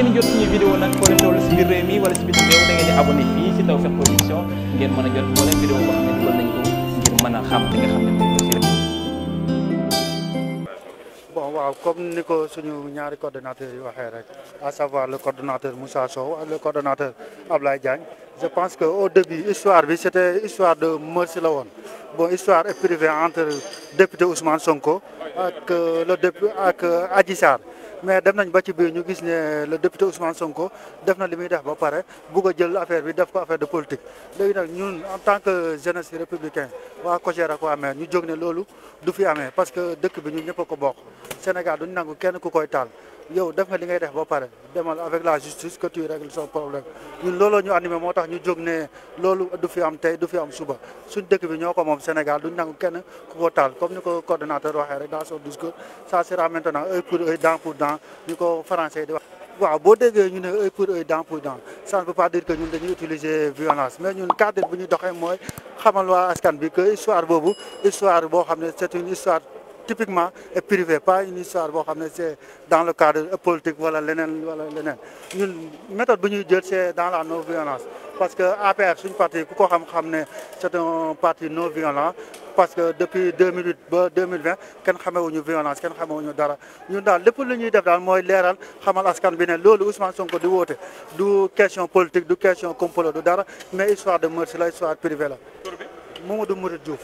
ngeen jot suñu vidéo nag foo si biir réew wala si biti réew da ngeen di abonné fii si Tawfekh Production ngeen mën a jot moo leen vidéo boo xam ne dugal nañ mën a xam nga xam ne moom bon waaw comme ni ko suñu ñaari coordonnateurs yi waxee rek à savoir le coordonnateur ak le coordonnateur Ablaye je pense que au début histoire bi c'était histoire de merci la woon bon histoire est privée entre député Ousmane Sonko ak euh, le député ak euh, Adji Sarr mais dem nañ ba ci biir ñu gis ne le député Ousmane Sonko def na li muy def ba pare bugg a jël affaire bi def ko affaire de politique léegi nag ñun en tant que jeunesse républicain waa COJER ko waa maire ñu jóg ne loolu du fi amee parce que dëkk bi ñu ñëpp ko bokk Sénégal duñ nangu kenn ku koy taal. yow def nga li ngay def ba pare demal avec la justice que tu règles son problème ñun looloo ñu animé moo tax ñu jóg ne loolu du fi am tey du fi am suba suñ dëkk bi ñoo ko moom Sénégal duñ nangu kenn ku ko taal comme ni ko coordonnateur waxee rek discours ça sera maintenant œil pour œil dent pour dent ni ko français di wax. waaw boo déggee ñu ne œil pour œil dent pour dent ça ne veut pas dire que ñun dañuy utiliser violence mais ñun cadre bu ñu doxee mooy typiquement est privé pas une histoire boo xam ne c'est dans le cadre politique wala leneen wala leneen ñun méthode bu ñuy jël c'est dans la non violence parce que APR suñu parti ku ko xam-xam ne c'est un parti non violent parce que depuis 2008 ba 2020 kenn xamewuñu violence kenn xamewuñu dara ñun daal lépp lu ñuy def daal mooy leeral xamal askan bi ne loolu Ousmane Sonko di woote du question politique du question complot du dara mais histoire de meurtre la histoire privée la Mamadou Mourid Diouf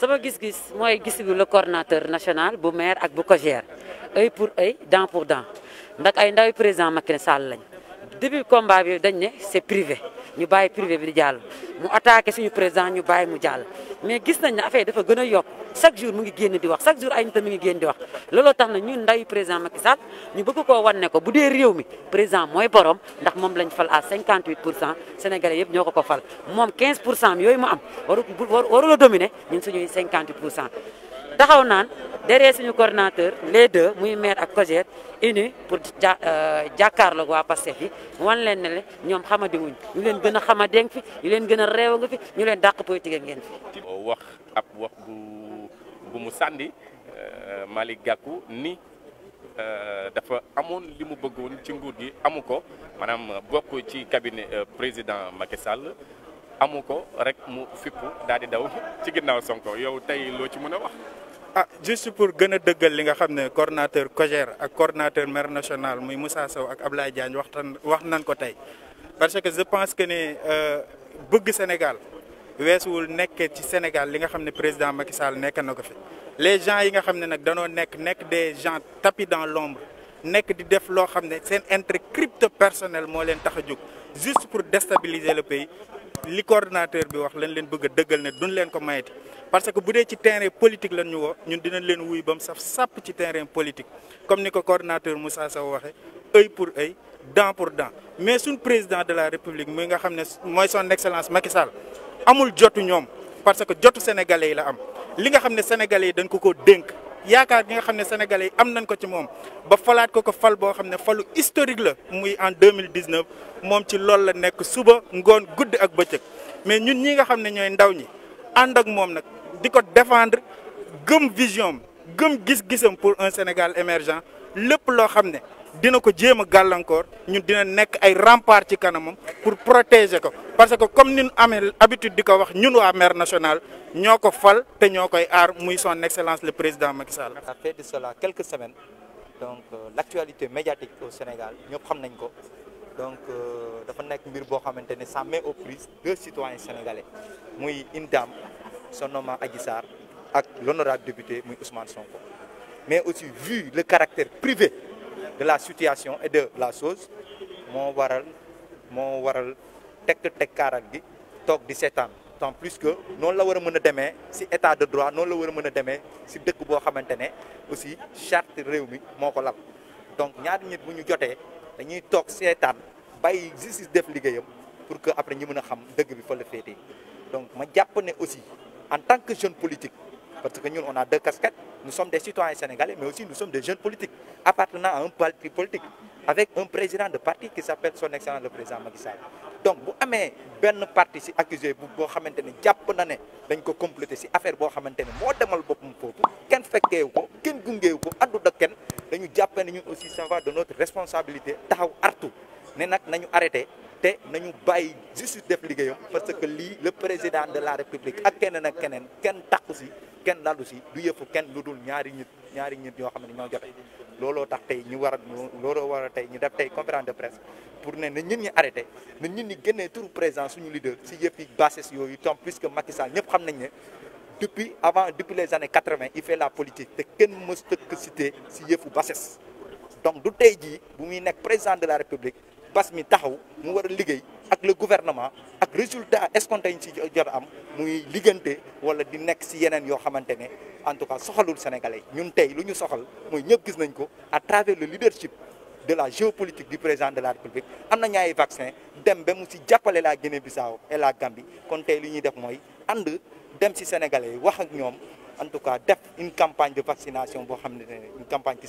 sama gis-gis mooy gisigu le coordonnateur national bu maire ak bu ko gère œil pour œil dent pour dent ndax ay ndawi président Macky Sall lañ début combat bi dañ ne c'est privé ñu bàyyi privé bi di jàll mu attaqué suñu président ñu bàyyi mu jaal mais gis nañ ne affaire dafa gën a yokk chaque jour mu ngi génn di wax chaque jour ay nit mi ngi génn di wax looloo tax na ñun nday président Macky Sall ñu bëgg koo wan ne ko bu dee réew mi président mooy borom ndax moom lañ fal à 58 pour cent sénégalais yëpp ñoo ko ko fal moom 15 pour cent yooyu mu am waru waru la dominer ñun suñuy cinquante pour cent taxaw naan derrière suñu coordinateur les deux muy maire ak COJER unis pour ja euh, jàkkaarloog waa Pastef yi wan leen ne le ñoom xamadi wuñ ñu leen gën a xamadee fi ñu leen gën a réew nga fi ñu leen dàq politique ngeen fi. Oh, wax ab wax bu bu mu sànni gàkku euh, Gakou ni euh, dafa amoon li mu bëggoon ci nguur gi amu ko maanaam bokk ci cabinet président Macky Sall. amu ko rek mu fippu daal di daw ci ginnaaw Sonko yow tey loo ci mën a wax ah juste pour gën a dëggal li nga xam ne coordinateur COJER ak coordonnateur maire national muy Moussa Sow ak Ablaye Diagne waxtaan wax nañ ko tey parce que je pense que ne euh, bëgg Sénégal weesuwul nekkee ci Sénégal li nga xam ne président Macky Sall nekk na ko fi les gens yi nga xam ne nag danoo nekk nekk des gens tapis dans l'ombre nekk di def loo xam ne seen intérêt crypto personnel moo leen tax a jóg juste pour déstabiliser le pays li coordonnateur bi wax lañ leen bëgg a dëggal ne leen ko mayati parce que bu dee ci terrain politique lan ñu woo ñun dinañ leen wuy ba mu saf sàpp ci terrain politique comme ni ko coordonnateur Moussa Sow waxee œil pour œil dent pour dent mais suñ président de la république muy nga xam ne mooy son excellence Macky Sall amul jotu ñoom parce que jotu sénégalais yi la am li nga xam ne sénégalais yi dañ ko ko dénk yaakaar gi nga xam ne sénégalais yi am nañ ko ci moom ba falaat ko ko fal boo xam ne falu historique la muy en deux mille dix neuf moom ci loolu la nekk suba ngoon gudd ak bëccëg mais ñun ñi nga xam ne ñooy ndaw ñi ànd ak moom nag. di ko défendre gëm vision gëm gis-gisam pour un Sénégal émergent lépp loo xam ne dina ko jéem a gàllankoor ñun dina nekk ay rempart ci kanamam pour protéger ko parce que comme ni ñu amee habitude di ko wax ñun waa maire national ñoo ko fal te ñoo koy aar muy son excellence le président Macky Sall. ça fait de cela donc euh, l' médiatique au Sénégal ñëpp xam nañ ko donc euh, dafa nekk mbir boo xamante ne ça met aux prises deux citoyens sénégalais muy une son nom Adji Sarr ak l'honorable député muy Ousmane Sonko mais aussi vu le caractère privé de la situation et de la chose moo waral moo waral tekk tekkaaral gi toog di seetaan tant plus que noonu la war a mën a demee si état de droit noonu la war a mën a demee si dëkk boo xamante ne aussi charte réew mi moo ko lal donc ñaar nit bu ñu jotee dañuy toog seetaan bay justice def liggéeyam pour que après ñu mën a xam dëgg bi fa la féetee donc ma jàpp ne aussi en tant que jeune politique parce que ñun on a deux casquettes nous sommes des citoyens sénégalais mais aussi nous sommes des jeunes politiques appartenant à un parti politique avec un président de parti qui s'appelle son excellence le président Macky donc bu amee benn parti si accusé bu boo xamante ne jàpp na ne dañ ko complété si affaire boo xamante ne moo demal boppam foofu kenn fekkeewu ko kenn gungeewu ko addu da kenn dañu jàppee ne ñun aussi ça va de notre responsabilité taxaw artu ne nag te nañu bàyyi justice def liggéeyam parce que lii le président de la république ak keneen ak keneen kenn takku si kenn lalu si du yëfu kenn lu dul ñaari nit ñaari nit ñoo xam ne ñoo joxe looloo tax tey ñu war a looloo war a tey ñu def tey conférence de presse pour ne na ñit ñi arrêté na ñit ñi génnee turu président suñu leader si yëf yi yooyu tant plus que Macky Sall ñëpp xam nañ ne depuis avant depuis les années 80 il fait la politique te kenn mës tëkk cité si yëfu bases donc du tey jii bu muy nekk président la république bas mi taxaw mu war a liggéey ak le gouvernement ak résultat escompté yi ci jot am muy liggante wala di nekk si yeneen yoo xamante ne en tout cas soxalul sénégalais ñun tey lu ñu soxal mooy ñëpp gis nañ ko à travers le leadership de la géopolitique du président de la république am na ñaari vaccin dem ba mu si jàppale la Guinée-Bissau et la Gambie kon tey li ñuy def mooy ànd dem si sénégalais yi wax ak ñoom en tout cas def une campagne de vaccination boo xam ne une campagne qui